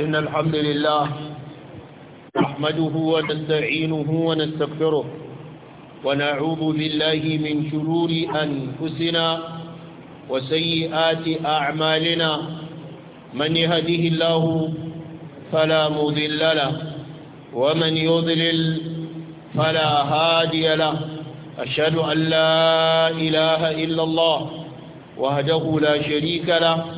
إن الحمد لله نحمده ونستعينه ونستغفره ونعوذ بالله من شرور أنفسنا وسيئات أعمالنا من يهده الله فلا مذل له ومن يضلل فلا هادي له أشهد أن لا إله إلا الله وهده لا شريك له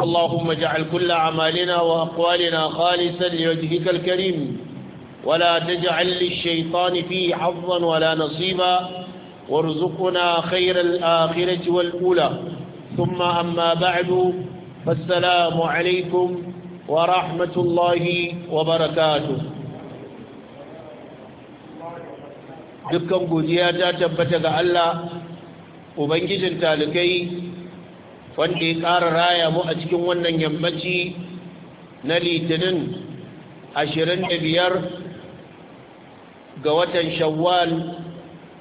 اللهم اجعل كل أعمالنا وأقوالنا خالصا لوجهك الكريم ولا تجعل للشيطان فيه حظا ولا نصيبا وارزقنا خير الآخرة والأولى ثم أما بعد فالسلام عليكم ورحمة الله وبركاته دكم قدياتا تبتغى الله وبنجز تالكي wanda ya ƙara raya mu a cikin wannan yammaci na litinin 25 ga watan shawwal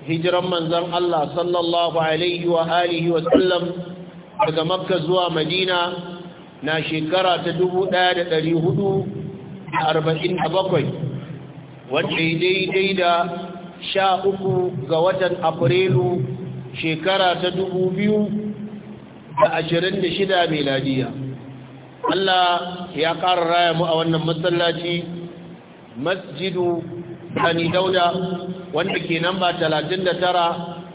hijiran manzan Allah sallallahu alaihi wa alihi wa sallam daga makka zuwa madina na shekara ta 1447 wanda ya daidai da sha uku ga watan afrilu shekara ta biyu. da ashirin da shida meladiya Allah ya ƙara raya mu a wannan masallaci masjidu bani dauda wanda ke namba talatin da tara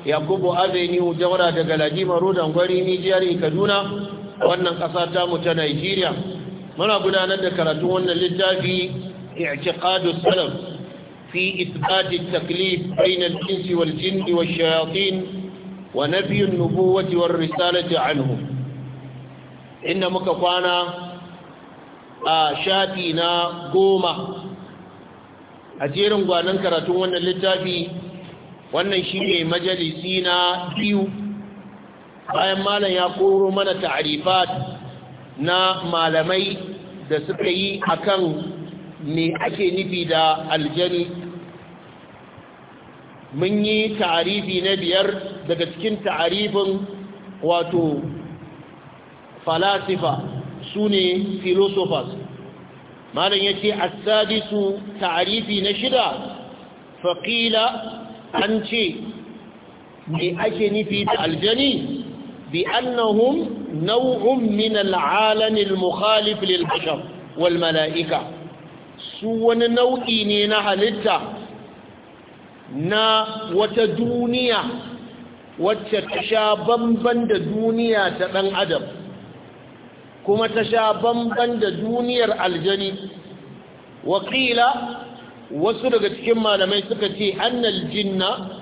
yakubu avenue jaura daga ladima rodan gwari nijiyar kaduna wannan ƙasa tamu ta nigeria muna gudanar da karatun wannan littafi i'tiqadu salaf fi isbat taklif bainal al wal-jinni wash-shayatin wa nafi nufu wati wani risalati a nuhu inda muka kwana a shafi na goma a jerin gwanin karatun wannan littafi wannan shi ne majalisi na biyu bayan malam ya koro mana ta'arifa na malamai da suka yi a kan ne ake nufi da aljani mun yi ta'arifi na biyar daga cikin ta'arifin wato falasifa su ne filosofas. malam ya ce asadisu ta'arifi na shida faƙila an ce me ake nufi da aljani bi annahum nau'un min al'alamin mukhalif lil bashar wal mala'ika su wani nau'i ne na halitta na wata duniya wacce ta sha bamban da duniya ta ɗan adam kuma ta sha bamban da duniyar aljani wakila wasu daga cikin malamai suka ce annal jinna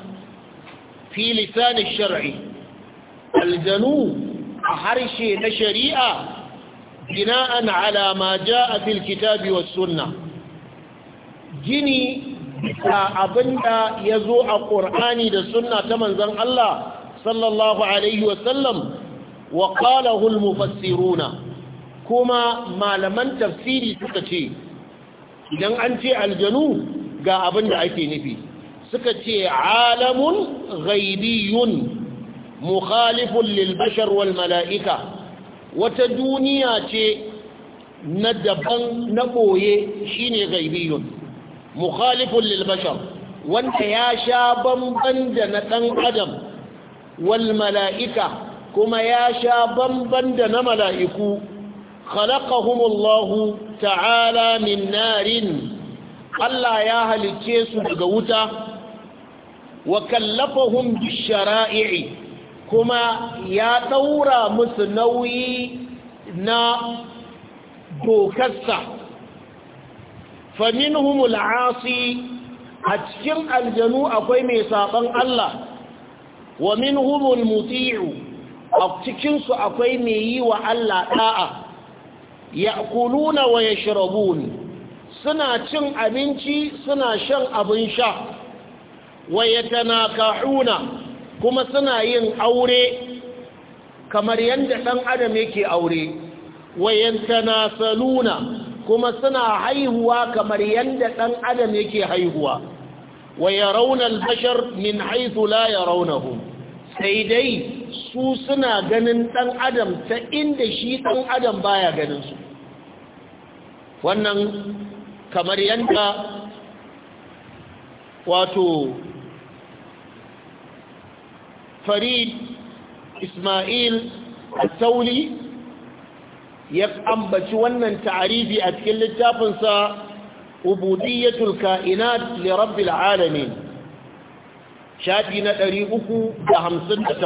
fi lisanin shar'i aljanu a harshe na shari'a bina'an ala ma ja'a fil kitabi wa sunna gini abin abinda ya zo a ƙur'ani da sunna ta manzon Allah sallallahu alaihi wasallam wa mufassiruna kuma malaman tafsiri suka ce idan an ce aljanu ga abinda ake nufi suka ce alamun ghaibiyun mukhalifun lil bashar wal mala'ika wata duniya ce na daban na boye shine ghaibiyun mukhalifun lil wanda ya sha bamban da na ɗan adam wal mala'ika kuma ya sha bamban da na mala'iku khalaqahumullahu ta'ala min narin Allah ya halicce su daga wuta wa kallafahum bishara'i kuma ya daura musu nauyi na dokarsa faminhum asi, a cikin aljanu akwai mai saban Allah wa minhum al-muti'u a cikinsu akwai mai yi wa Allah da'a ya'kuluna wa yashrabun suna cin abinci suna shan abin sha wa yatanakahuna kuma suna yin aure kamar yadda ɗan adam yake aure wa saluna. kuma suna haihuwa kamar yadda ɗan adam yake haihuwa wa ya raunar bashar min haithu la ya raunahu sai dai su suna ganin ɗan adam ta inda shi ɗan adam baya su. wannan kamar yadda wato farid ismail a tauli ya ambaci wannan ta'arifi a cikin littafinsa ubudiyyatul ka'inat li rabbil alamin shafi na 358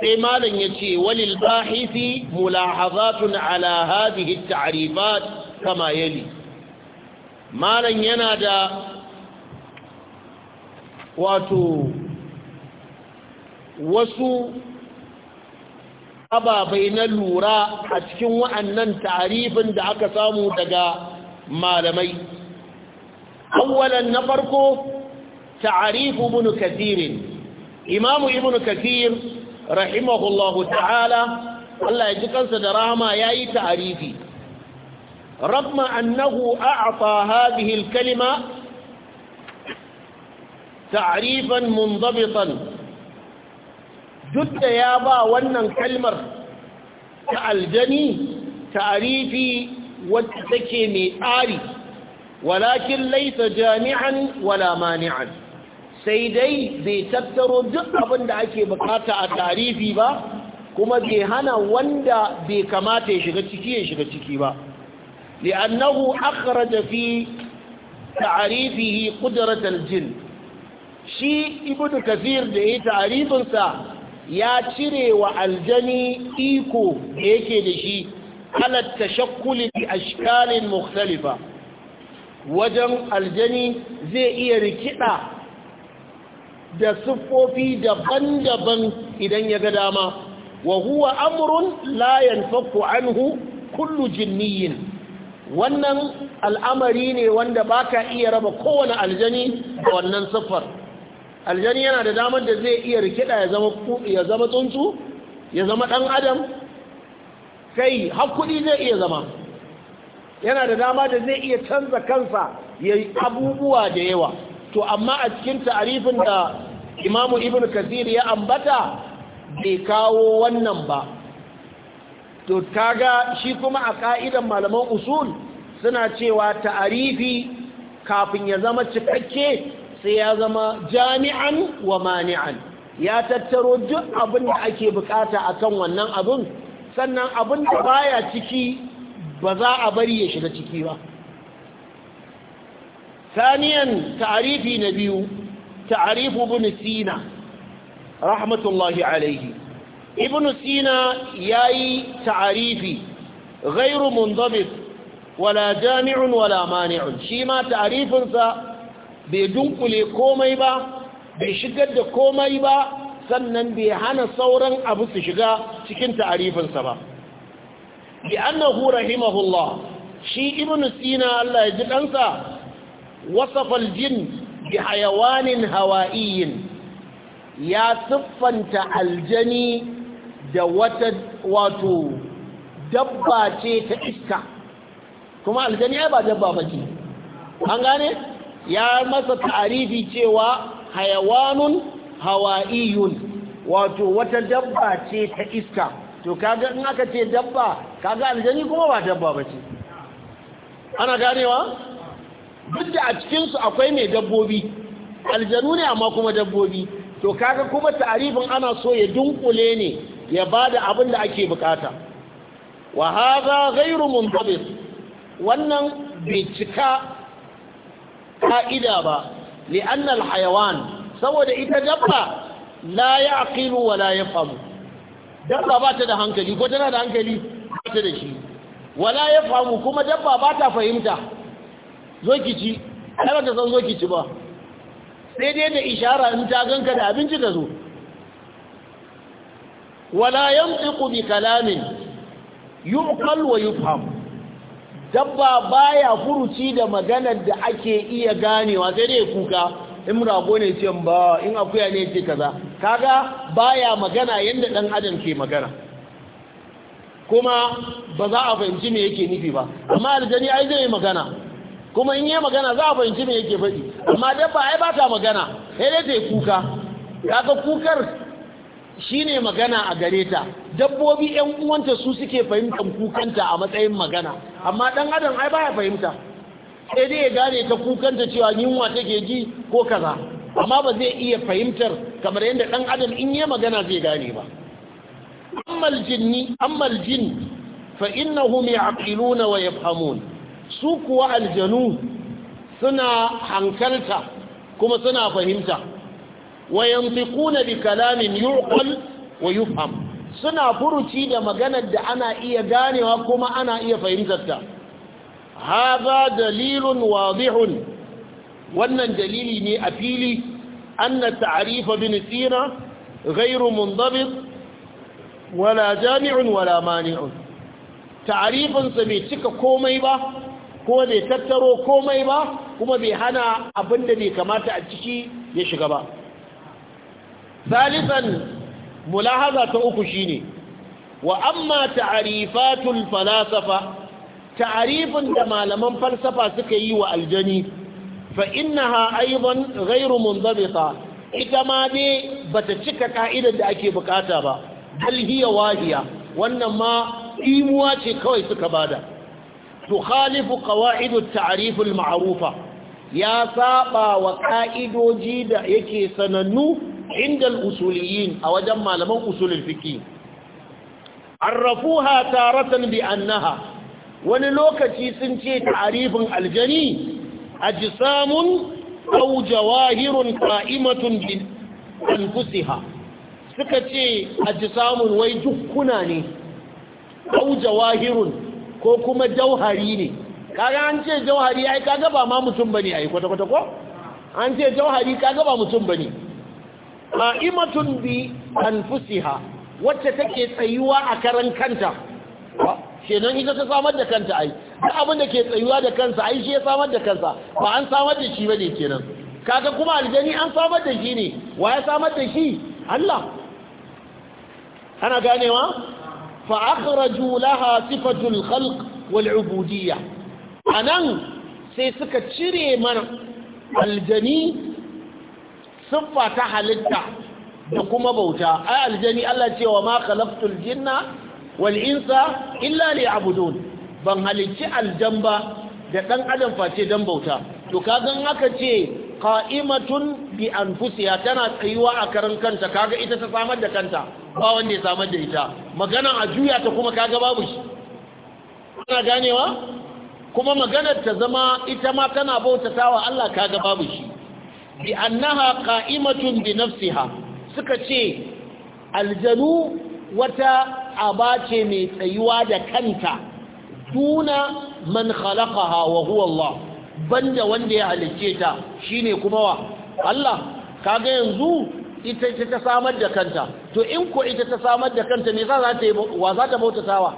sai malam yace walil bahisi mulahazatun ala hadhihi at-ta'rifat kama yali malam yana da wato wasu ababai na lura a cikin wa'annan tarifin da aka samu daga malamai awwalan na farko ta'arifu ibn kathir imamu ibn kathir rahimahullahu ta'ala Allah ya ji kansa da rahama yayi ta'arifi annahu أنه أعطى هذه kalima تعريفا منضبطا duk da ya ba wannan kalmar ta aljani ta'arifi wadda take mai tsari walakin laisa jami'an wala mani'an sai dai bai tattaro duk abin da ake bukata a tarifi ba kuma bai hana wanda bai kamata ya shiga ciki ya shiga ciki ba li'annahu akhraja fi ta'arifihi qudrat al shi ibnu kathir da yayi ta'arifin sa ya cire wa aljani iko da yake da shi halar tashakkuli bi ashkalin mukhtalifa wajen aljani zai iya rikida da siffofi daban-daban idan ya ga dama wa huwa amrun la yanfaku anhu kullu jinniyin wannan al'amari ne wanda baka iya raba kowane aljani da wannan siffar aljani yana da damar da zai iya rikida ya zama tsuntsu ya zama ɗan adam kai hakuri zai iya zama yana da dama da zai iya canza kansa ya yi abubuwa da yawa to amma a cikin ta'arifin da imamu ibn kasir ya ambata bai kawo wannan ba to kaga shi kuma a ka'idan malaman usul suna cewa ta'arifi kafin ya zama cikakke sai ya zama jami'an wa mani'an ya tattaro duk abin da ake bukata akan wannan abin sannan abin da baya ciki ba za a bari ya shiga ciki ba saniyan ta'arifi na biyu ta'arifu ibn sina rahmatullahi alaihi ibn sina yayi ta'arifi ghairu mundabit wala jami'un wala mani'un shima ta'arifinsa bai dunkule komai ba bai shigar da komai ba sannan bai hana sauran abu su shiga cikin ta'arifinsa ba bi annahu rahimahullah shi ibnu sina Allah ya ji ɗansa wasafa aljin bi hayawanin hawa'iyyin ya siffanta aljani da wata wato dabba ce ta iska kuma aljani ba dabba ba an gane ya masa ta'arifi cewa hayawanun hawa'iyun wato wata dabba ce ta iska to kaga in aka ce dabba kaga aljani kuma ba dabba ba ce ana ganewa duk da a cikinsu akwai mai dabbobi aljanu ne amma kuma dabbobi to kaga kuma ta'arifin ana so ya dunkule ne ya ba da abin da ake bukata wa hadha ghayru muntabit wannan bai cika ka'ida ba li li'annal hayawan saboda ita dabba la ya aqilu wa la yafhamu dabba ba ta da hankali ko tana da hankali ba ta da shi wala yafhamu kuma dabba ba ta fahimta zokici kana ta san zokici ba sai dai da ishara in ta ganka da abinci ka zo wala yantiqu bi kalamin yuqal wa yufhamu dabba baya furuci da maganar da ake iya ganewa sai dai kuka in rago ne ce ba in akuya ne ce kaza kaga baya magana yanda dan adam ke magana kuma ba za a fahimci me yake nufi ba amma aljani ai zai magana kuma in yi magana za a fahimci me yake faɗi amma dabba ai ba ta magana sai dai kuka kaga kukar Shi ne magana a gare ta dabbobi yan uwanta su suke fahimtar kukanta a matsayin magana amma ɗan adam ai baya fahimta sai dai ya gane ta kukanta cewa yunwa take ji ko kaza amma ba zai iya fahimtar kamar yadda ɗan adam in yi magana zai gane ba ammal jinni ammal jin fa innahum ya'qiluna wa yafhamun su kuwa aljanu suna hankalta kuma suna fahimta wa yantiquna bi kalamin yu'qal wa yufham suna furuci da maganar da ana iya ganewa kuma ana iya ta hadha dalilun wadihun wannan dalili ne a fili anna ta'rifa bin sina ghayru mundabit wala jami'un wala mani'un ta'rifin sa bai cika komai ba ko bai tattaro komai ba kuma bai hana abinda bai kamata a ciki ya shiga ba salisan mulahaza ta uku shine wa amma ta'rifatul falasafa ta'arifin da malaman falsafa suka yi wa aljani fa innaha aidan ghairu munzabita ita ma dai bata cika ka'idar da ake bukata ba bal hiya wannan ma imuwa ce kawai suka bada tukhalifu qawa'idut ta'arifin ma'rufa ya saba wa ka'idoji da yake sanannu عند الأصوليين أو جمع لمن أصول الفقه عرفوها تارة بأنها وللوكة سنتي تعريف الجني أجسام أو جواهر قائمة بأنفسها سكتي أجسام ويجكناني أو جواهر كوكما جوهريني kaga an ce jauhari ai kaga ba ma mutum bane ai kwata kwata ko an ce jauhari kaga ba mutum bane qa'imatun bi anfusiha wacce take tsayuwa a karan kanta kenan ita ta samar da kanta ai duk abin da ke tsayuwa da kansa ai shi ya samar da kansa ba an samar da shi bane kenan kaga kuma aljani an samar da shi ne wa ya samar da shi Allah ana ganewa fa akhraju laha sifatul khalq wal ubudiyya anan sai suka cire mana aljani siffa ta halitta da kuma bauta ai aljani Allah ce wa ma khalaqtul jinna wal insa illa liya'budun ban halicci aljan ba da dan adam face dan bauta to kagan aka ce qa'imatun bi anfusiha tana tsayuwa a karan kanta kaga ita ta samar da kanta ba wanda ya samar da ita magana a juya ta kuma kaga babu shi kana ganewa kuma maganar ta zama ita ma tana bautatawa Allah kaga babu shi bi annaha qa'imatun bi nafsiha suka ce aljanu wata abace mai tsayuwa da kanta tuna man khalaqaha wa huwa Allah banda wanda ya halicce ta shine kuma wa Allah kaga yanzu ita ce ta samar da kanta to in ko ita ta samar da kanta me za ta yi wa za ta bautatawa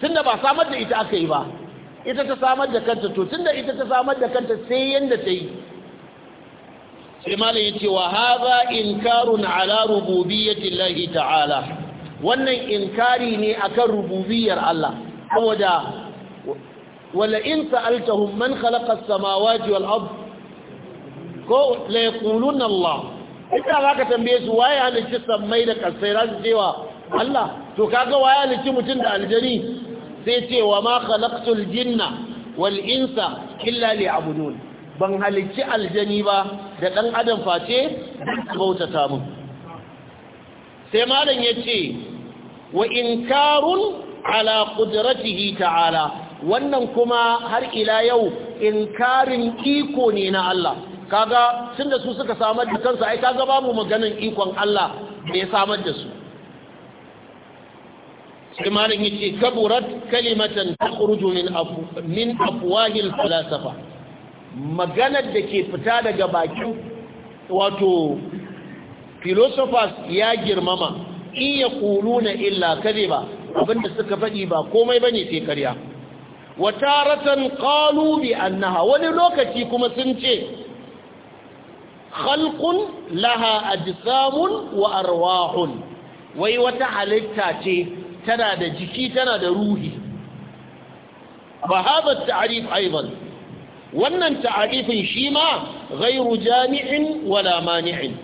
tunda ba samar da ita aka yi ba ita ta samar da kanta to tunda ita ta samar da kanta sai yanda ta yi sai malam yace wa hadha inkarun ala rububiyyati Allah ta'ala wannan inkari ne akan rububiyyar Allah saboda wala in sa'altahum man khalaqa as-samawati wal ard ko la yaquluna Allah idan zaka tambaye su waye halicci sammai da kasai ran cewa Allah to kaga waye halicci mutun da aljani sai ce wa ma khalaqtul jinna wal insa illa liya'budun ban halicci aljani ba da ɗan adam face su bautata mun sai malam ya ce wa karun ala ƙudiratihi ta'ala wannan kuma har ila yau in karin iko ne na Allah kaga tun da su suka samar da kansu ai kaga babu maganin ikon Allah da ya samar da su Sai malam ya yace kaburat kalimatan ta min min afwahil falasafa maganar da ke fita daga bakin wato philosophers ya girmama iya na illa kare ba abinda suka faɗi ba komai ba ne wata ratan ƙalubi annaha wani lokaci kuma sun ce khalqun laha ajsamun wa arwahun wai wata halitta ce tana da jiki tana da ruhi ba haɓar ta'arif aiban wannan ta'arifin shi ma ghairu jami'in wala mani'in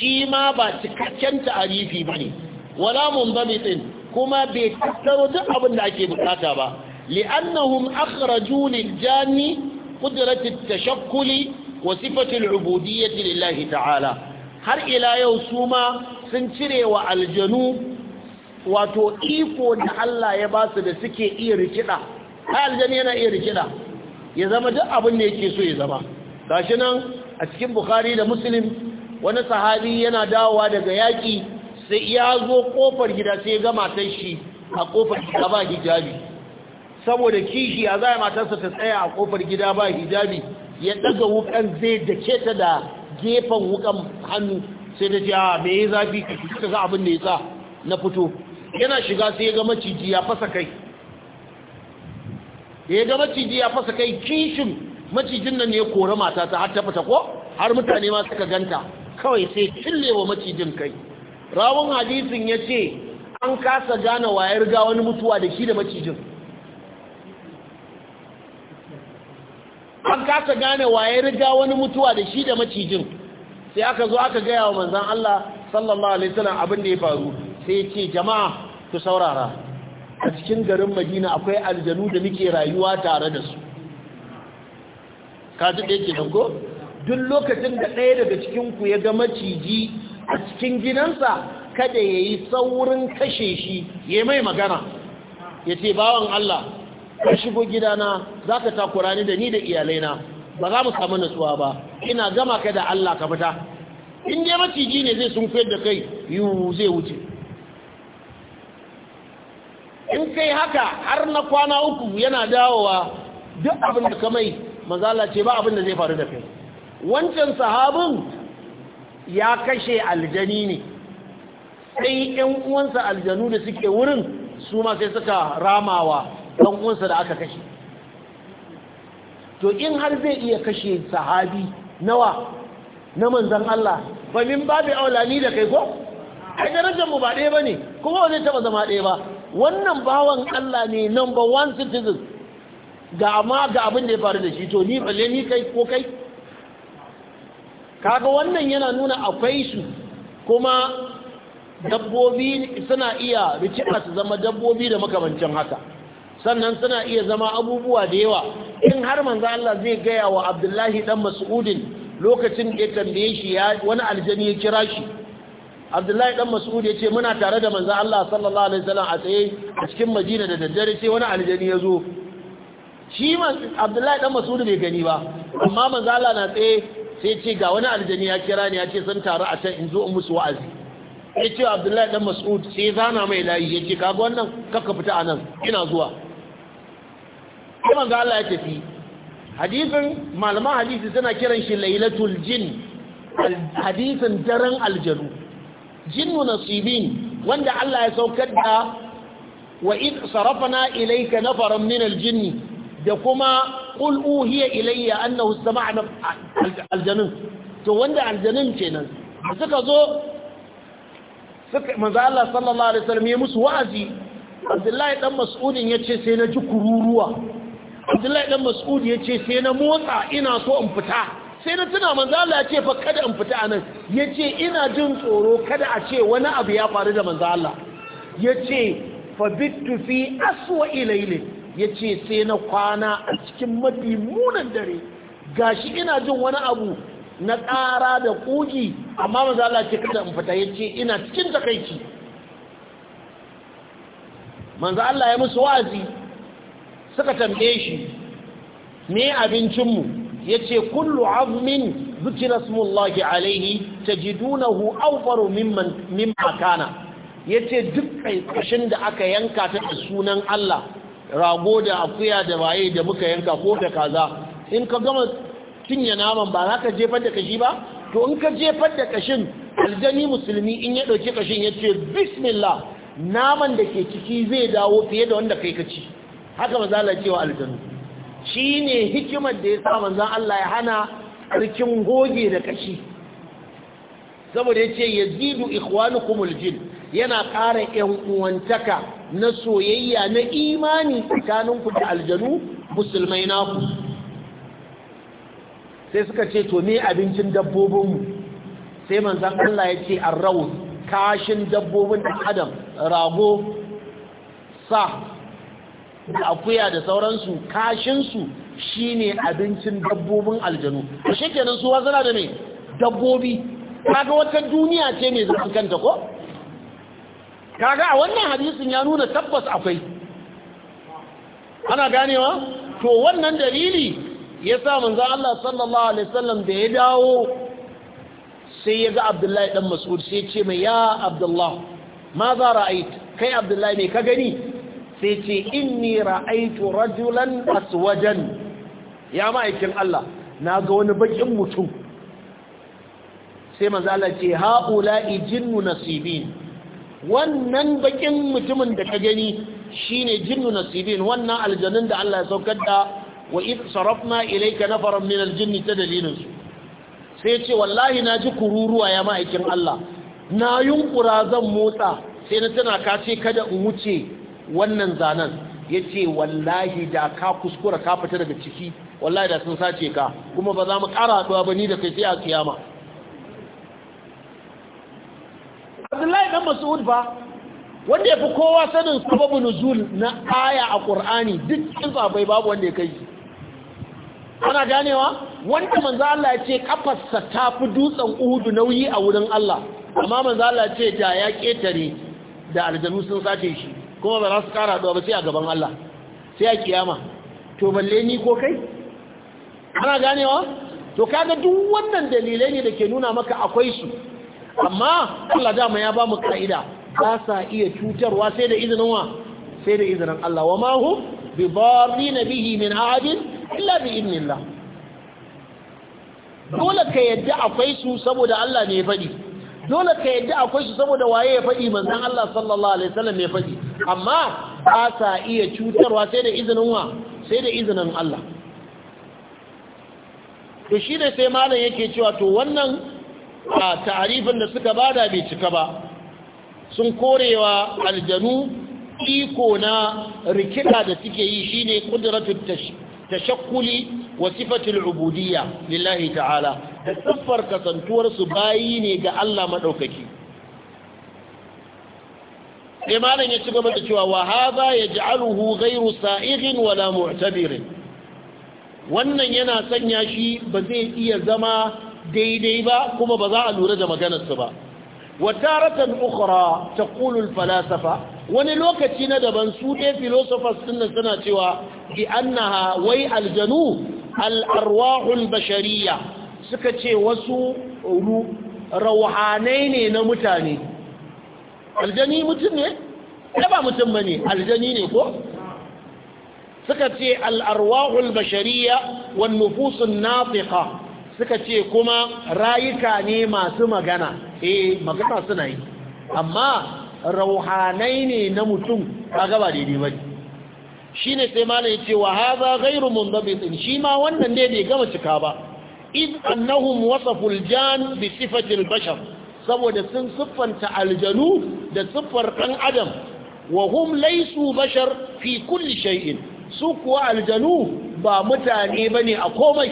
shi ma ba cikakken ta'arifi bane wala mundabitin kuma bai tattaro duk abin da ake bukata ba li'annahum akhraju lil jami qudrat at-tashakkul wa sifat al-ubudiyyah lillahi ta'ala har ila yau suma sun cire wa aljanu wato iko da Allah ya ba su da suke iya rikida ai aljani yana iya rikida ya zama duk abin da yake so ya zama gashi nan a cikin bukhari da muslim wani sahabi yana dawowa daga yaƙi sai ya zo ƙofar gida sai ya ga matar shi a kofar gida ba hijabi saboda kishi ya zai matarsa ta tsaya a ƙofar gida ba hijabi ya ɗaga wukan zai dake ta da gefen wukan hannu sai ta ce a me zafi ka ga abin da ya sa na fito yana shiga sai ya ga maciji ya fasa kai da ya ga maciji ya fasa kai kishin macijin nan ya kori mata ta har ta fita ko har mutane ma suka ganta kawai sai wa macijin kai rawun hadisin ya ce an kasa gane ya riga wani mutuwa da shi da macijin an kasa gane ya riga wani mutuwa da shi da macijin sai aka zo aka gaya wa manzan Allah sallallahu alaihi wasallam abin da ya faru sai ya ce jama'a ku saurara a cikin garin madina akwai aljanu da muke rayuwa tare da su kaji da yake dango duk lokacin da ɗaya daga cikinku ya ga maciji a cikin gidansa kada ya yi saurin kashe shi ya mai magana ya ce bawan Allah ka shigo gidana za ka takura ni da ni da iyalaina ba za mu samu nutsuwa ba ina gama ka da Allah ka fita in je maciji ne zai sun da kai yiwu zai wuce in kai haka har na kwana uku yana dawowa duk abin da kamai mazala ce ba abin da zai faru da kai wancan sahabin ya kashe aljani ne sai yan uwansa aljanu da suke wurin su ma sai suka ramawa 'yan uwansa da aka kashe to in har zai iya kashe sahabi nawa na manzan Allah ba min babu aulani da kai ko a darajar mu ba ɗaya ne. kuma ba zai taba zama ɗaya ba wannan bawan Allah ne number one citizen ga amma ga abin da ya faru da shi to ni balle ni kai ko kai kaga wannan yana nuna akwai su kuma dabbobi suna iya rikiɗa su zama dabbobi da makamancin haka sannan suna iya zama abubuwa da yawa in har manzo Allah zai gaya wa Abdullahi dan Mas'udin lokacin da ya tambaye shi wani aljani ya kira shi abdullahi dan mas'ud ya ce muna tare da manzan Allah sallallahu alaihi wasallam a tsaye a cikin madina da daddare sai wani aljani ya zo shi abdullahi dan mas'ud bai gani ba amma manzan Allah na tsaye sai ce ga wani aljani ya kira ni ya ce sun taru a can in zo in musu wa'azi ya ce abdullahi dan mas'ud sai zana mai layi ya ce kaga wannan kakka fita anan ina zuwa sai manzan Allah ya tafi hadisin malaman hadisi suna kiran shi lailatul jin hadisin daren aljanu jinnu nasibin wanda Allah ya saukar da wa id sarafna ilayka nafaran min aljinni da kuma qul uhiya ilayya annahu istama'a aljanun to wanda aljanun kenan suka zo suka manzo Allah sallallahu alaihi wasallam ya musu wa'azi Abdullahi dan Mas'udin yace sai na ji kururuwa Abdullahi dan Mas'ud yace sai na motsa ina so in fita sai na tuna manzo Allah ya ce fa kada in fita anan yace ina jin tsoro kada a ce wani abu ya faru da manzo Allah yace fa bitu fi aswa ilayli yace sai na kwana a cikin mafi munan dare gashi ina jin wani abu na ƙara da kugi amma manzo Allah ce kada in fita yace ina cikin takaici manzo Allah ya musu wa'azi suka tambaye shi me abincin mu yace kullu azmin dhukira smullahi alaihi hu, awfaru min makana ya yace duk kashin da aka yanka ta sunan Allah rago da akuya da waye da muka yanka ko da kaza in ka gama cinye naman ba za ka jefar da kashi ba to in ka jefar da kashin aljani musulmi in ya ɗauki kashin yace bismillah naman da ke ciki zai dawo fiye da wanda kai ka ci haka mazala cewa aljanu shi ne hikimar da ya sa manzan Allah ya hana ƙarkin goge da kashi saboda ya ce ya zidu ikhwanukumul jin yana ƙara ‘yan uwantaka na soyayya na imani tsakaninku da aljanu musulmai naku sai suka ce to ne abincin dabbobinmu sai manzan Allah ya ce rau kashin dabbobin adam rago sa akuya da sauransu kashinsu shine abincin dabbobin aljanu to kenan su suna da mai dabbobi kaga wata duniya ce mai zaman kanta ko kaga a wannan hadisin ya nuna tabbas akwai ana ganewa to wannan dalili ya sa manzo Allah sallallahu alaihi wasallam da ya dawo sai ya ga Abdullahi dan masu sai ce mai ya abdullahi ma za ra'ait kai Abdullahi mai ka gani sai ce inni ra'aitu rajulan aswajan ya ma'aikin Allah na ga wani bakin mutum sai manzo Allah ce haula'i jinnu nasibin wannan bakin mutumin da ka gani shine jinnu nasibin wannan aljanun da Allah ya saukar da wa id sarafna ilayka nafaran min aljinni tadalilun sai ce wallahi na ji kururuwa ya ma'aikin Allah na yunkura zan motsa sai na tana kace kada in wuce wannan zanen ya ce wallahi da ka kuskura ka fita daga ciki wallahi da sun sace ka kuma ba za mu ƙara haɗuwa ba ni da kai sai a kiyama abdullahi dan mas'ud ba wanda ya fi kowa sanin sababu nuzul na aya a ƙur'ani duk cikin tsabai babu wanda ya kai ana ganewa wanda manzo Allah ya ce kafarsa ta fi dutsen uhudu nauyi a wurin Allah amma manzo Allah ya ce da ya ketare da aljanu sun sace shi kuma ba za su kara haɗuwa ba sai a gaban Allah sai a kiyama to balle ni ko kai ana ganewa to kaga duk wannan dalilai ne da ke nuna maka akwai su amma Allah dama ya ba mu ka'ida ba sa iya cutarwa sai da izinin wa sai da izinin Allah wa ma hum bi darrin bihi min ahadin illa bi idnillah dole ka yadda akwai su saboda Allah ne ya faɗi dole ka yadda akwai su saboda waye ya faɗi manzon Allah sallallahu alaihi wasallam ya faɗi amma ba sa iya cutarwa sai da izinin wa sai da izinin Allah to shi ne sai malam yake cewa to wannan ta'arifin da suka bada bai cika ba sun korewa aljanu iko na rikida da suke yi shine kudratu tashakkuli wa sifatul ubudiyya lillahi ta'ala da siffar kasantuwar su bayi ne ga Allah madaukaki sai malam ya ci gaba da cewa wa hadha yaj'aluhu ghayru wa wala mu'tabirin wannan yana sanya shi ba zai iya zama daidai ba kuma ba za a lura da maganarsu ba wa taratan ukhra taqulu al-falasafa wani lokaci na daban su dai philosophers din nan suna cewa bi annaha wai aljanu al-arwah al-bashariyya suka ce wasu ruhanai ne na mutane aljani mutum ne ba mutum ba ne aljani ne ko suka ce al'arwahul bashariya wan nufusun nafiqa suka ce kuma rayuka ne masu magana eh magana suna yi amma rauhanai ne na mutum a gaba daidai ba shi ne sai ya ce wa haza gairu mundabitin shi ma wannan ne bai gama cika ba iz annahum wasaful jan bi sifatil bashar saboda sun siffanta aljanu da siffar ɗan adam wa hum laisu bashar fi kulli shay'in su kuwa aljanu ba mutane bane a komai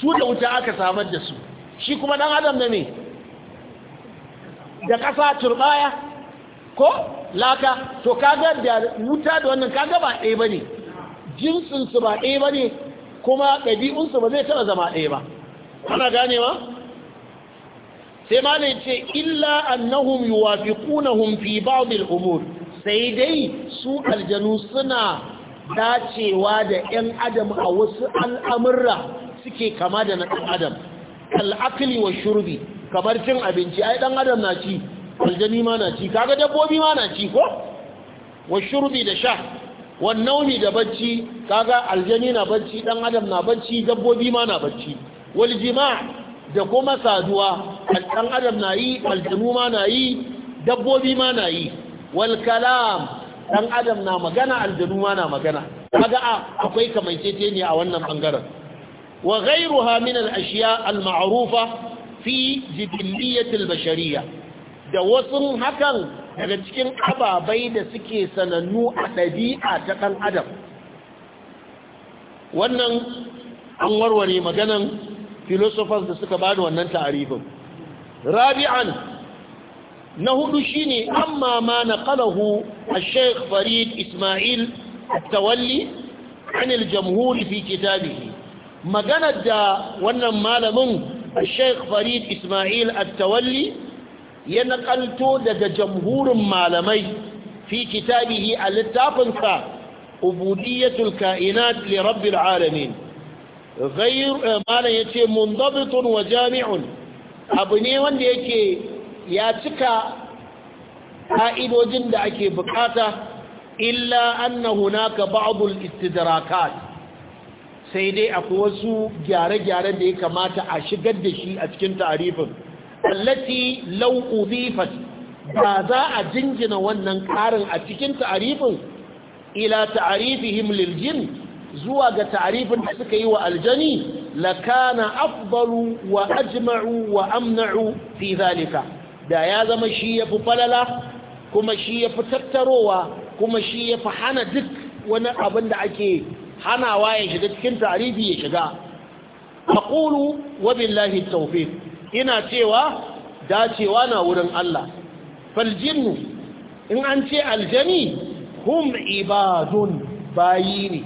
su da wuta aka samar da su shi kuma ɗan adam ne ne da ƙasa turbaya ko laka to kaga da wuta da wannan kaga ba ɗaya bane jinsinsu ba ɗaya bane kuma ɗabi'unsu ba zai taɓa zama ɗaya ba ana ganewa sai malai ce illa annahum yuwafiqunahum fi ba'd al-umur sai dai su aljanu suna dacewa da 'yan adam a wasu al'amurra suke kama da na ɗan adam al'akli wa shurbi kamar cin abinci ai ɗan adam na ci aljani ma na ci kaga dabbobi ma na ci ko wa shurbi da sha wannauni da bacci kaga aljani na bacci ɗan adam na bacci dabbobi ma na bacci wal jima' da kuma saduwa ɗan adam na yi aljanu ma na yi dabbobi ma na yi wal kalam ɗan adam na magana aljanu ma na magana kaga a akwai ne a wannan bangaren wa ghayruha min al ashiya al ma'rufa fi jibilliyyat al bashariyya da wasu hakan daga cikin ababai da suke sanannu a ɗabi'a ta ɗan adam wannan an warware maganan philosophers da suka bada wannan ta'arifin rabi'an na hudu shine amma ma naqalahu al-sheikh farid ismail at-tawalli an al-jamhur fi kitabihi maganar da wannan malamin al-sheikh farid ismail at-tawalli ya nakalto daga jamhurin malamai fi kitabihi a littafinsa ubudiyatul ka'inat li rabbil alamin malam ya ce munzabitun wa jami'un abu ne wanda yake ya cika ka'idojin da ake bukata illa anna hunaka ba'dul istidrakat sai dai akwai wasu gyare-gyare da ya kamata a shigar da shi a cikin tarifin allati law udifat ba za a jinjina wannan ƙarin a cikin tarifin ila ta'arifihim lil jinn zuwa ga ta'arifin da suka yi wa aljani lakana afdalu wa ajma'u wa amna'u fi zalika da ya zama shi yafi falala kuma shi yafi tattarowa kuma shi yafi hana duk wani abin da ake hanawa ya shiga cikin tarihi ya shiga aqulu wa billahi tawfiq ina cewa dacewa na wurin Allah fal in an ce aljani hum ibadun bayi ne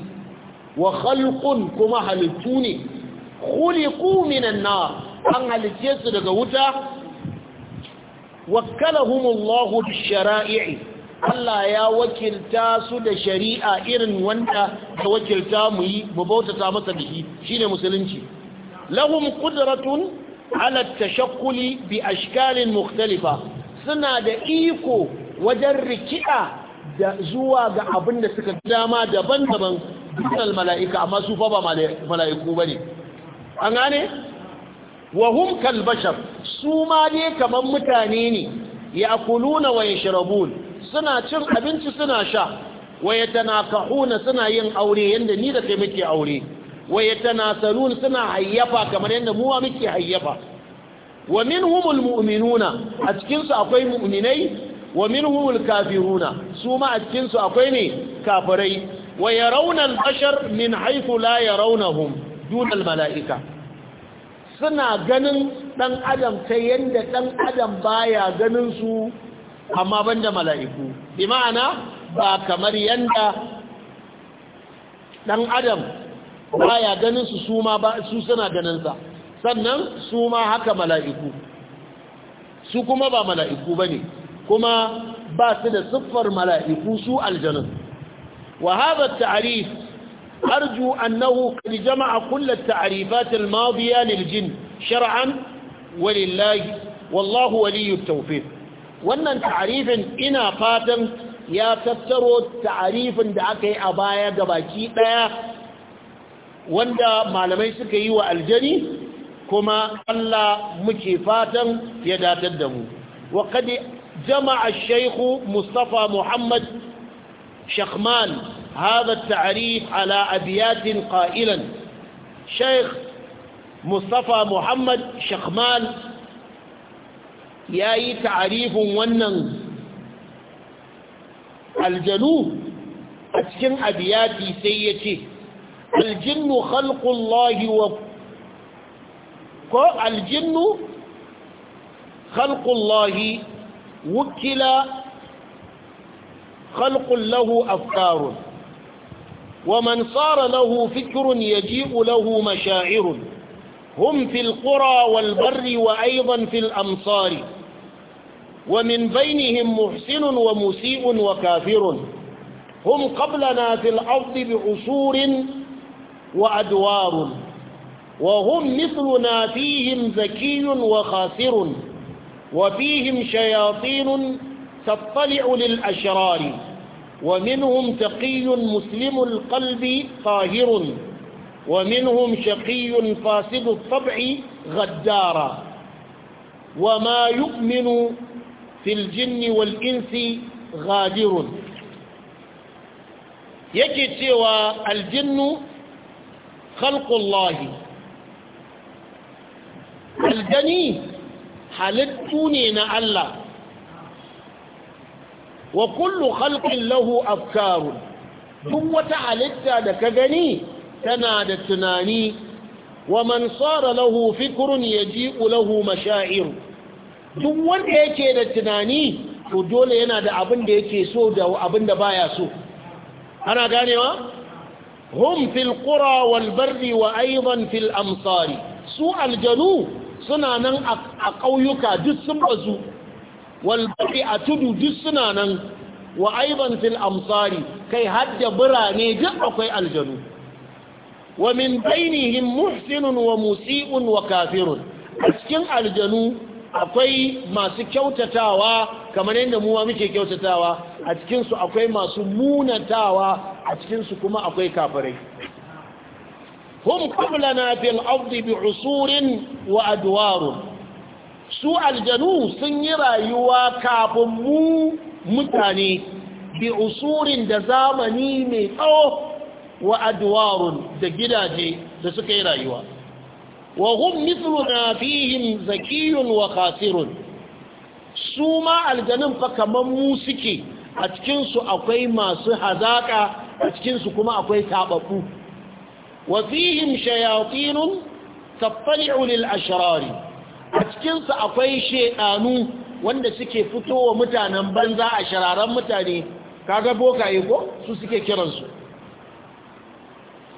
wa khalqun kuma halittu ne khuliqu minan nar an halice su daga wuta wakkalahumullahu bishara'i Allah ya wakilta su da shari'a irin wanda ta wakilta mu yi mu bautata masa biki shine musulunci lahum qudratun ala tashakkuli bi ashkalin mukhtalifa suna da iko wajen rikida da zuwa ga abin da suka dama daban-daban dukkan mala'ika amma su fa ba mala'iku bane an gane Wahum Kalbashar. su ma dai kaman mutane ne ya'kuluna wa yashrabun suna cin abinci suna sha wa kahuna suna yin aure yanda ni da kai muke aure wa yatanasalun suna hayyafa kamar yanda mu ma muke hayyafa wa minhumul mu'minuna a cikinsu akwai mu'minai wa minhumul kafiruna su ma a cikinsu akwai ne kafirai wa yarawna al min haythu la yarawnahum dun al-mala'ika suna ganin dan adam ta yanda dan adam baya ganin su amma banda mala'iku bi ba kamar yanda ɗan adam ya ganin su su suna ganin sa sannan su ma haka mala'iku su kuma ba mala'iku bane kuma ba su da siffar mala'iku su aljanun وهذا التعريف أرجو أنه قد جمع كل التعريفات الماضية للجن شرعا ولله والله ولي التوفيق wannan ta'arifin ina fatan ya tattaro ta'arifin da aka yi a baya ga baki daya wanda malamai suka yi wa aljani kuma Allah muke fatan ya datar da mu wa qad jama'a Shaikhu Mustapha Muhammad شخمان هذا التعريف على أبيات قائلا شيخ مصطفى محمد شخمان ياي تعريف ونن الجنوب أتكن أبياتي سيتي الجن خلق الله و الجن خلق الله وكل خلق له أفكار ومن صار له فكر يجيء له مشاعر هم في القرى والبر وأيضا في الأمصار ومن بينهم محسن ومسيء وكافر هم قبلنا في الأرض بعصور وأدوار وهم مثلنا فيهم ذكي وخاسر وفيهم شياطين تطلع للأشرار ومنهم تقي مسلم القلب طاهر ومنهم شقي فاسد الطبع غدارا وما يؤمن في الجن والإنس غادر يجد سوى الجن خلق الله الجني ne na wa kullu khalqin lahu afkarun, duk wata halitta da ka gani tana da tunani wa man sara lahu fikrun yaji'u lahu masha'ir duk wanda yake da tunani to dole yana da abin da yake so da abin da baya so ana ganewa hum fil qura wal barri wa aidan fil amsari su aljanu suna nan a ƙauyuka duk sun bazu walbari a tudu duk suna nan wa aiban amsari kai hadda birane duk akwai aljanu wa min bainihim muhsinun wa musi'un wa kafirun a cikin aljanu akwai masu kyautatawa kamar yadda muwa muke kyautatawa a cikinsu akwai masu munatawa a cikinsu kuma akwai kafirai hum qablana fil ardi bi usurin wa adwarun su aljanu sun yi rayuwa kafin mu mutane bi usurin da zamani mai tsawo wa adwarun da gidaje da suka yi rayuwa wa hum mithluna fihim zakiyun wa khasirun su ma aljanun fa kaman mu suke a cikin su akwai masu hazaka a cikin su kuma akwai tababbu wa fihim shayatinun tafali'u lil ashrari a cikinsu akwai shaidanu wanda suke fitowa mutanen banza a shararan mutane kaga bokaye ko su suke kiransu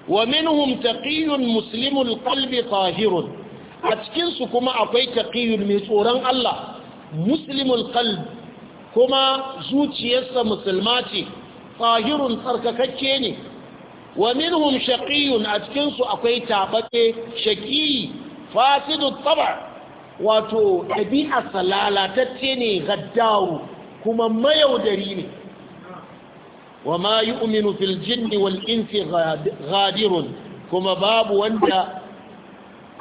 wa minhum taqiyun muslimul qalbi tahirun a cikinsu kuma akwai taqiyun mai tsoron Allah muslimul qalbi kuma zuciyarsa musulma ce tahirun tsarkakakke ne wa minhum shaqiyun a cikinsu akwai tabatse shaqi fasidu tabar wato ɗabi'a ce ne gaddawu kuma mayaudari ne wa ma yi uminu filjin ne wal gadirun kuma babu wanda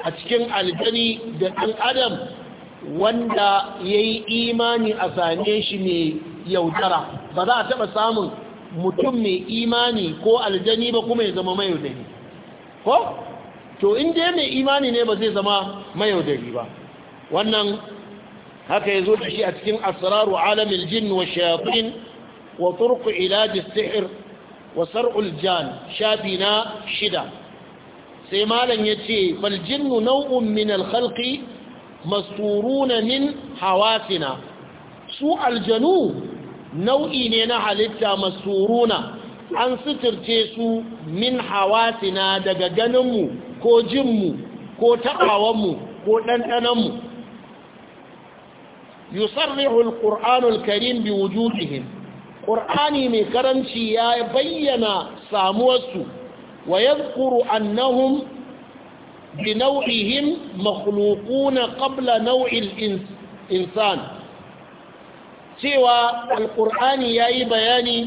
a cikin aljani da ɗan adam wanda ya yi imani a same shi mai yaudara ba za a taɓa samun mutum mai imani ko aljani ba kuma ya zama mayaudari ko? to inda mai imani ne ba zai zama mayaudari ba wannan haka ya zo da shi a cikin asraru alamil jinn wa shayatin wa turq ilaj sihir wa sar'ul jan na shida sai malam yace fal jinnu naw'un min al masturuna min hawasina su aljanu nau'i ne na halitta masuruna an suturce su min hawasina daga ganinmu ko jinmu ko taɓawanmu ko ɗanɗananmu yusarrihu alqur'anul karim wujudihim. qur'ani mai karanci ya bayyana samuwarsu wa yadhkuru annahum binaw'ihim makhluquna qabla naw'il insan cewa alqur'ani yayi bayani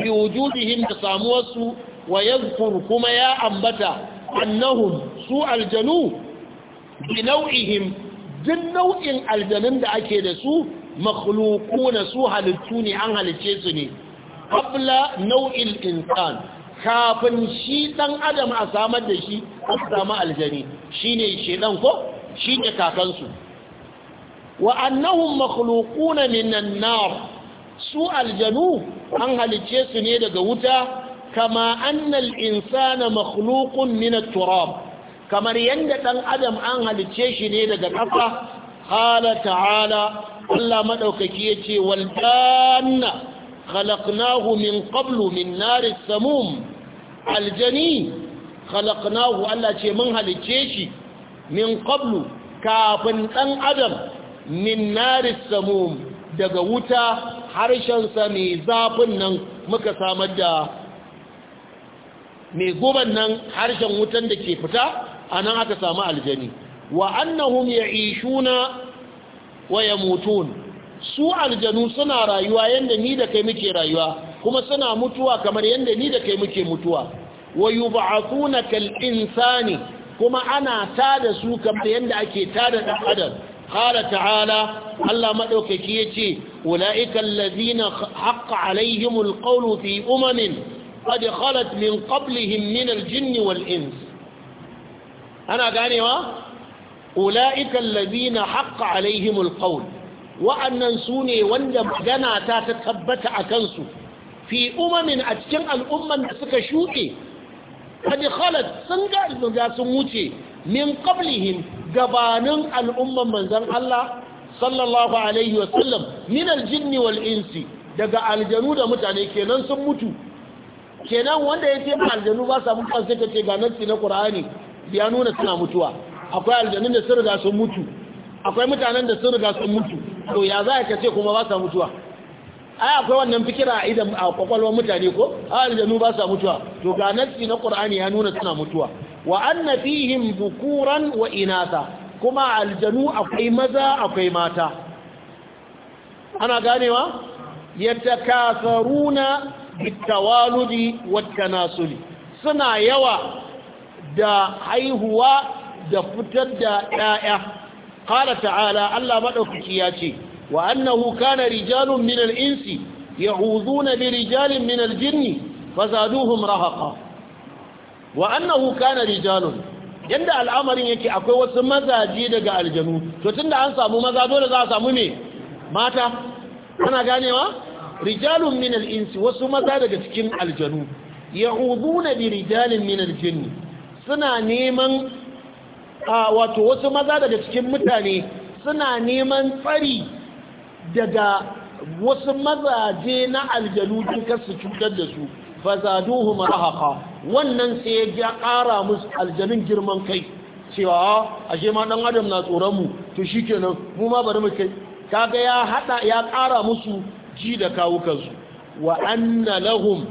wujudihim da samuwarsu wa yadhkuru kuma ya ambata annahum su aljanu nau'ihim. duk nau'in aljanun da ake da su makhluku na su halittu ne an halice su ne qabla nau'in insan kafin shi dan adam a samar da shi a samu aljani ne shedan ko ne kakansu wa annahum makhluquna minan nar su aljanu an halice su ne daga wuta kama annal insana makhluqun min turab kamar yadda ɗan adam an halicce shi ne daga ƙafa hala ta'ala Allah maɗaukaki ya ce walɗanna khalaqnahu min qablu min nari samum aljani khalaqnahu Allah ce mun halicce shi min qablu kafin ɗan adam min nari samum daga wuta harshensa mai zafin nan muka samar da mai guban nan harshen wutan da ke fita anan aka samu aljani wa annahum ya'ishuna wa yamutun su aljanu suna rayuwa yanda ni da kai muke rayuwa kuma suna mutuwa kamar yanda ni da kai muke mutuwa wa yub'athuna kal insani kuma ana tada su kamar yanda ake tada dan adam ta'ala allah الله yace يتي أولئك الذين alaihimul عليهم fi umamin أمم قد min من قبلهم من الجن والإنس ana ganewa ula'ikan labina haƙa alaihimul qaul wa'annan su ne wanda magana ta ta tabbata a kansu fi umamin a cikin al'umman da suka shuɗe kadi khalat sun ga sun wuce min qablihim gabanin al'umman manzon Allah sallallahu alaihi wasallam min aljinni wal insi daga aljanu da mutane kenan sun mutu kenan wanda ya ce aljanu ba sa mutuwa sai ka ce ga nan na Qur'ani ya nuna suna mutuwa akwai aljanun da sun riga sun mutu akwai mutanen da sun riga sun mutu to ya za ka ce kuma ba sa mutuwa ai akwai wannan fikira a idan a kwakwalwar mutane ko aljanu ba sa mutuwa to ga nassi na qur'ani ya nuna suna mutuwa wa anna fihim bukuran wa inatha kuma aljanu akwai maza akwai mata ana ganewa yatakasaruna bitawaludi tanasuli suna yawa da haihuwa da fitar da ɗaya ƙala ta'ala Allah maɗaukaki ya ce wa annahu kana rijalun min ya huzu na bi rijalin min al-jinni fazaduhum rahaqa wa annahu kana rijalun yadda al'amarin yake akwai wasu mazaje daga aljanu to tunda an samu maza dole za a samu me mata ana ganewa rijalun min al-insi wasu maza daga cikin aljanu Ya huzu na bi rijalin min al suna neman wato wasu maza daga cikin mutane suna neman tsari daga wasu mazaje na aljanu dukkan su cutar da su fazaduhu marahaka wannan sai ya ƙara musu aljanun girman kai cewa ashe ma ɗan adam na tsoron mu to shikenan mu ma bari mu kai kaga ya haɗa ya ƙara musu ji da kawukansu wa'annalahum anna lahum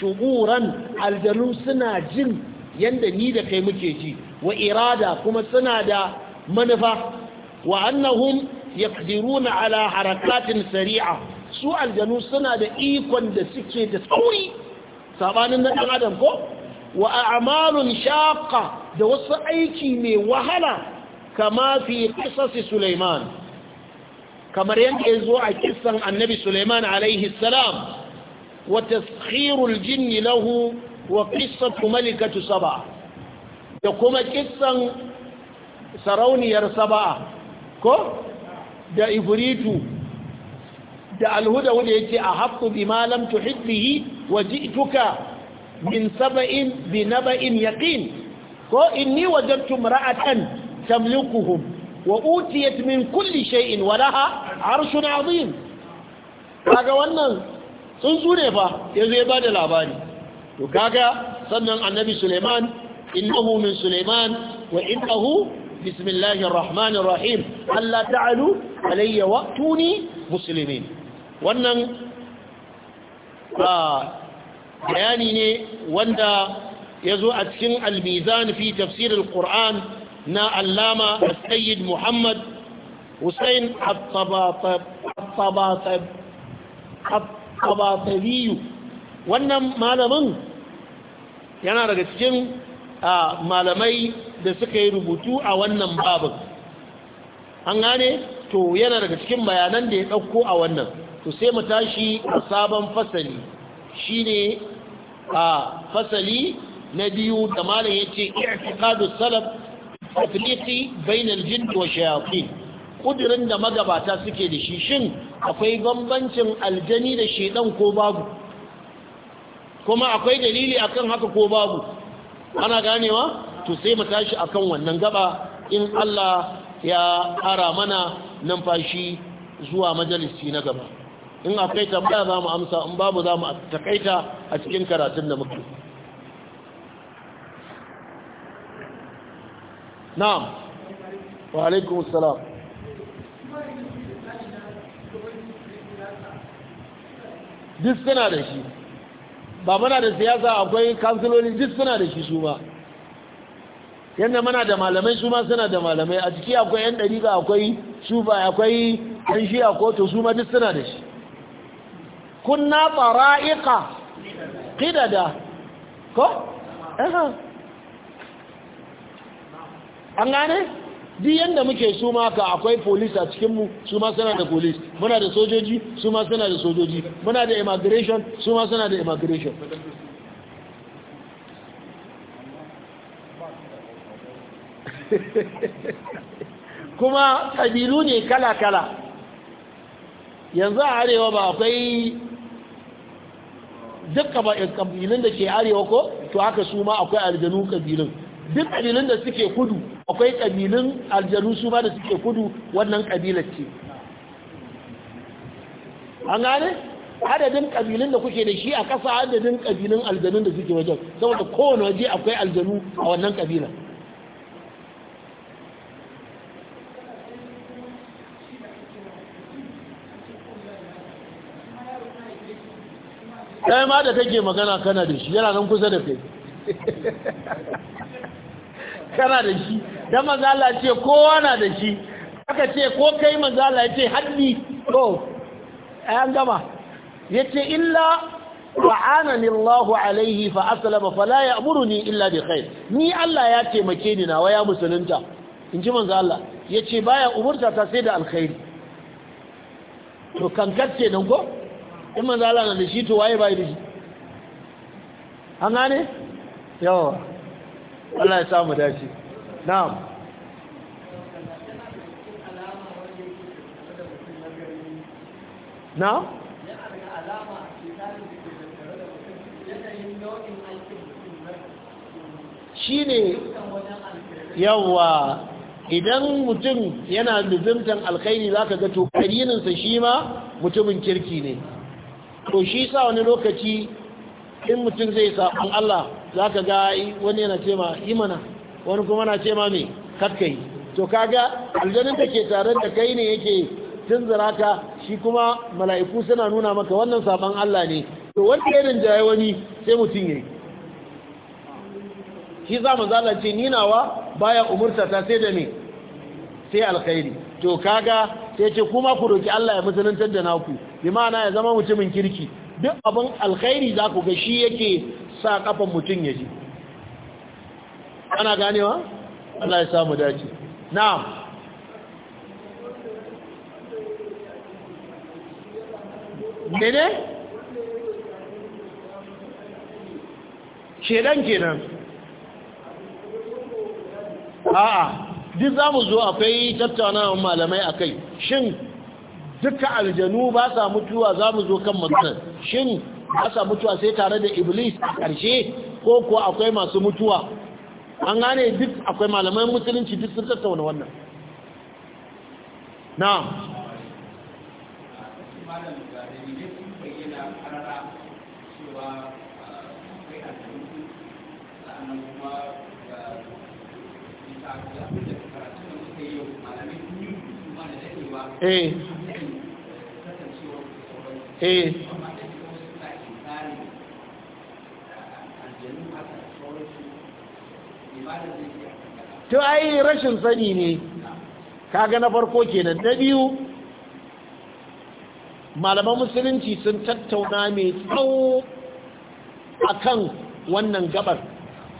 shuguran suna jin yanda ni da kai muke ji wa irada kuma suna da manufa wa annahum yaqdiruna ala harakatin sari'a su aljanu suna da ikon da suke da tsauri sabanin na dan adam ko wa a'malun shaqqa da wasu aiki mai wahala kama fi qisas Sulaiman kamar yanda yazo a kissan annabi Sulaiman alaihi salam wa taskhirul jinni lahu wa qissatu malikatu saba da kuma ƙisan sarauniyar saba ko da ibritu da alhuda wanda yake a bi malam tu tuhibbihi wa ji'tuka min saba'in bi naba'in yaqin ko inni wajadtu imra'atan tamlikuhum wa utiyat min kulli shay'in wa laha 'arshun 'azim kaga wannan tsuntsu ne fa yanzu ya bada labari to kaga sannan annabi Suleiman innahu min Suleiman wa innahu bismillahir rahmanir rahim Allah ta'alu alayya waqtuni muslimin wannan bayani ne wanda yazo a cikin al-mizan fi tafsir al-Qur'an na Allama Sayyid Muhammad Hussein at wannan malamin yana daga cikin malamai da suka yi rubutu a wannan babin an gane to yana daga cikin bayanan da ya ɗauko a wannan to sai mu tashi a sabon fasali shi ne a fasali na biyu da malam yace i'tiqadu salaf tafliqi bainar jin wa shayatin kudirin da magabata suke da shi shin akwai bambancin aljani da shedan ko babu kuma akwai dalili akan haka ko babu ana ganewa to sai mu tashi akan wannan gaba in Allah ya ara mana numfashi zuwa majalisi na gaba in akwai tambaya za mu amsa in babu za mu takaita a cikin karatun da muke na'am wa alaikum salam duk suna da shi ba muna da siyasa akwai kansiloli duk suna da shi su ma yadda muna da malamai su ma suna da malamai a ciki akwai yan ɗariƙa akwai shuba akwai ɗan shi a kotu su ma duk suna da shi kunna fara'iƙa ƙidada ko? an gane? duk yanda muke su ma ka akwai polis a cikinmu su ma suna da polis muna da sojoji su ma suna da sojoji muna da immigration su ma suna da immigration kuma kabilu ne kala-kala yanzu a arewa ba akwai duk ƙabilun da ke arewa ko to haka su ma akwai aljanu kabilun duk ƙabilun da suke kudu akwai ƙabilun aljanu su ba da suke kudu wannan ƙabilar ce an gane adadin ƙabilun da kuke da shi a ƙasa adadin ƙabilun aljanun da suke wajen saboda kowane waje akwai aljanu a wannan ƙabilar kai ma da kake magana kana da shi yana nan kusa da kai kana da shi da mazala ce kowa na da shi aka ce ko kai mazala ya ce haddi to ayan gama ya ce illa wa'anani Allah alaihi fa asalama fala ni illa bi khair ni Allah ya taimake ni nawa ya musulunta in ji mazala ya ce baya umurta ta sai da alkhairi to kan ce nan ko in mazala na da shi to waye bai da shi an gane yawa Allah ya samu dace na'am na'am shi ne yawa idan mutum yana lizimtan alkhairi za ka ga to shi ma mutumin kirki ne to shi sa wani lokaci in mutum zai saɓon Allah za ka ga wani yana ce ma imana wani kuma na ce ma mai katkai to kaga aljanin da ke tare da kai ne yake tun ka shi kuma mala'iku suna nuna maka wannan saɓon Allah ne to wanda ya rinjaye wani sai mutum ya yi shi za mu zalace ninawa baya umurta ta sai da me sai alkhairi to kaga sai ce kuma ku roki Allah ya musulunta da naku bi ma'ana ya zama mutumin kirki duk abin alkhairi za ku ga shi yake sa kafan mutum ya ji ana ganewa? Allah ya samu dace na'am mene? shedan kenan a'a duk za mu zo akwai tattaunawa malamai akai shin duka aljanu ba sa mutuwa za mu zo kan maganar shin ba mutuwa sai tare da iblis a ƙarshe ko kuwa akwai masu mutuwa an gane duk akwai malamai musulunci duk sun tattauna wannan na eh eh to ai rashin sani ne kaga na farko kenan na biyu malaman musulunci sun tattauna mai tsawo akan wannan gabar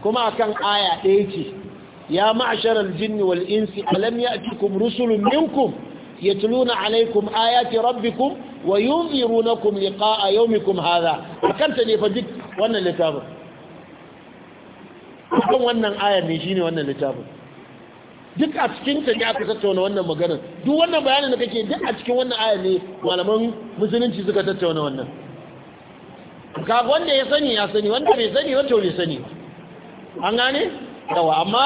kuma akan aya ɗaya ce ya ma'asharar jinni wal insi alam ya'tikum rusulun minkum yatluna alaikum ayati rabbikum wa yunzirunakum liqa'a yawmikum hadha akanta ne fa duk wannan littafin kan wannan ayar ne shine wannan littafin duk a cikin ta ne aka tattauna wannan maganar duk wannan bayanin da kake duk a cikin wannan ayar ne malaman musulunci suka tattauna wannan ka wanda ya sani ya sani wanda bai sani wanda bai sani an gane yawa amma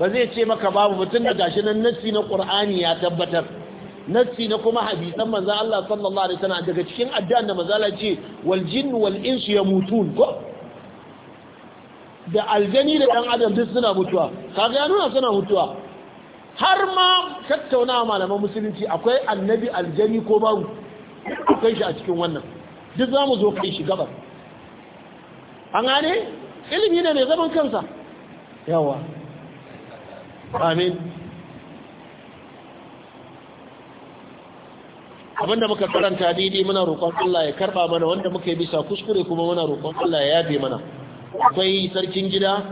ba zai ce maka babu mutum da gashi nan nassi na qur'ani ya tabbatar nassi na kuma hadisan manzon Allah sallallahu alaihi wasallam daga cikin addu'an da manzala ce wal jinnu wal insu yamutun ko da aljani da ɗan adam duk suna mutuwa kaga ya nuna suna mutuwa har ma tattauna malaman musulunci akwai annabi aljani ko babu akwai shi a cikin wannan duk za mu zo kai shi gabar an gane ilimi ne mai zaman kansa yawa amin abinda muka karanta daidai muna roƙon Allah ya karba mana wanda muka yi bisa kuskure kuma muna roƙon Allah ya yabe mana akwai sarkin gida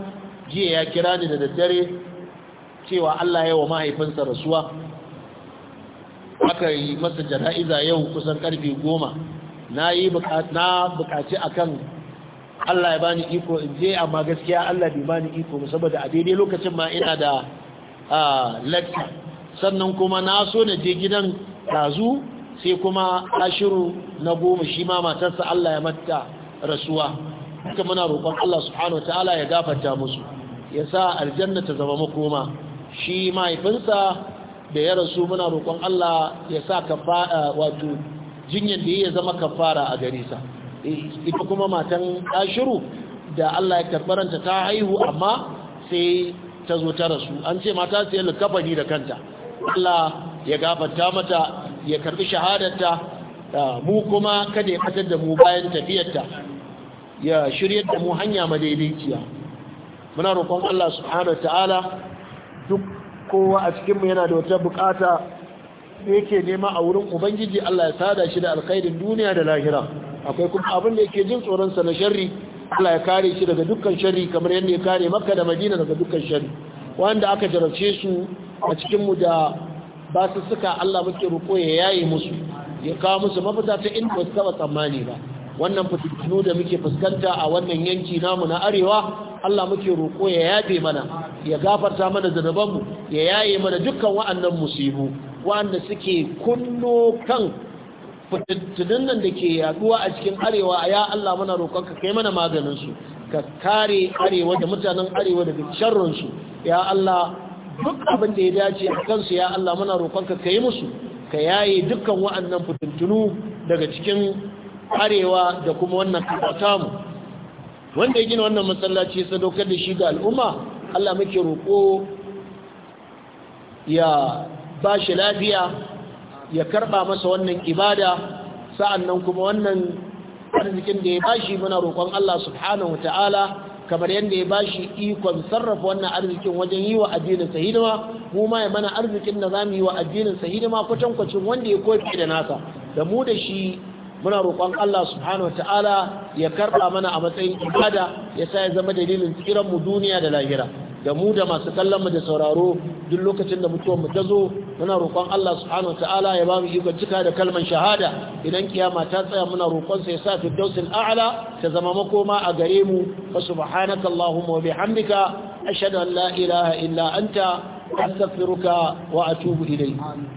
jiya ya kira ni da daddare cewa Allah ya wa mahaifinsa rasuwa aka yi masa jana'iza yau kusan karfe goma na yi na bukaci akan Allah ya bani iko in je amma gaskiya Allah bai bani iko saboda a daidai lokacin ma ina da lecture sannan kuma na so na je gidan razu sai kuma ashiru na goma shi ma matarsa Allah ya mata rasuwa duka muna roƙon Allah subhanahu ta'ala ya gafarta musu ya sa aljanna ta zama makoma shi mahaifinsa da ya rasu muna roƙon Allah ya sa eh, wato jinyar da ya zama kafara a gare sa eh, ita kuma matan ashiru da Allah ya karbaranta ta haihu amma sai ta zo ta rasu an ce mata sai likafani da kanta Allah ya gafarta mata ya karbi shahadarta eh, mu kuma kada ya fatar da mu bayan tafiyarta ya shiryar da mu hanya madaidaiciya muna roƙon Allah subhanahu ta'ala duk kowa a cikinmu yana da wata bukata da yake nema a wurin ubangiji Allah ya sada shi da alkhairin duniya da lahira akwai kuma abin da yake jin tsoron sa na sharri Allah ya kare shi daga dukkan sharri kamar yadda ya kare Makka da Madina daga dukkan sharri wanda aka jarabce su a cikin mu da ba su suka Allah muke roƙo ya yaye musu ya kawo musu mafita ta inda ba su taba tsammani ba wannan fitinu da muke fuskanta a wannan yanki namu na arewa Allah muke roƙo ya yabe mana ya gafarta mana zanubanmu ya yaye mana dukkan wa'annan musibu wanda suke kunno kan fitinun nan da ke yaduwa a cikin arewa ya Allah muna ka kai mana maganin su ka kare arewa da mutanen arewa daga sharrin su ya Allah duk abin da ya dace a kansu ya Allah muna ka kai musu ka yaye dukkan wa'annan fitintunu daga cikin arewa da kuma wannan kasa mu wanda ya gina wannan masallaci sadaukar da shi ga al'umma Allah muke roƙo ya ba shi lafiya ya karɓa masa wannan ibada sa'an nan kuma wannan arzikin da ya bashi muna roƙon Allah subhanahu ta'ala kamar yadda ya bashi ikon sarrafa wannan arzikin wajen yi wa addinin sa hidima mu ma ya mana arzikin da zamu yi wa addinin sa hidima kwatankwacin wanda ya koyi da nasa da mu da shi muna roƙon Allah subhanahu ta'ala ya karɓa mana a matsayin ibada ya sa ya zama dalilin tsiran mu duniya da lahira da mu da masu kallon mu da sauraro duk lokacin da mutuwar mu ta zo muna roƙon Allah subhanahu ta'ala ya ba mu ikon cika da kalman shahada idan kiyama ta tsaya muna roƙon sa ya sa firdausul a'la ta zama makoma a gare mu fa subhanaka allahumma wa bihamdika ashhadu an la ilaha illa anta astaghfiruka wa atubu ilayk